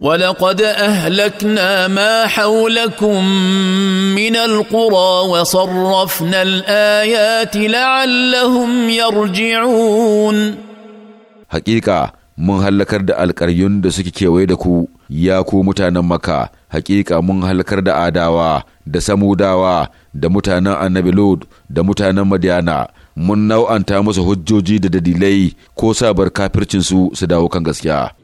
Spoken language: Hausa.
ولقد اهلكنا ما حولكم من القرى وصرفنا الايات لعلهم يرجعون Haƙiƙa, mun halakar da alƙaryun da suke kewaye da ku ya ku mutanen maka haƙiƙa mun halakar da adawa da samudawa da mutanen annabi lod da mutanen madiyana mun nau'anta masa hujjoji da dalilai ko sabar kafircinsu su dawo kan gaskiya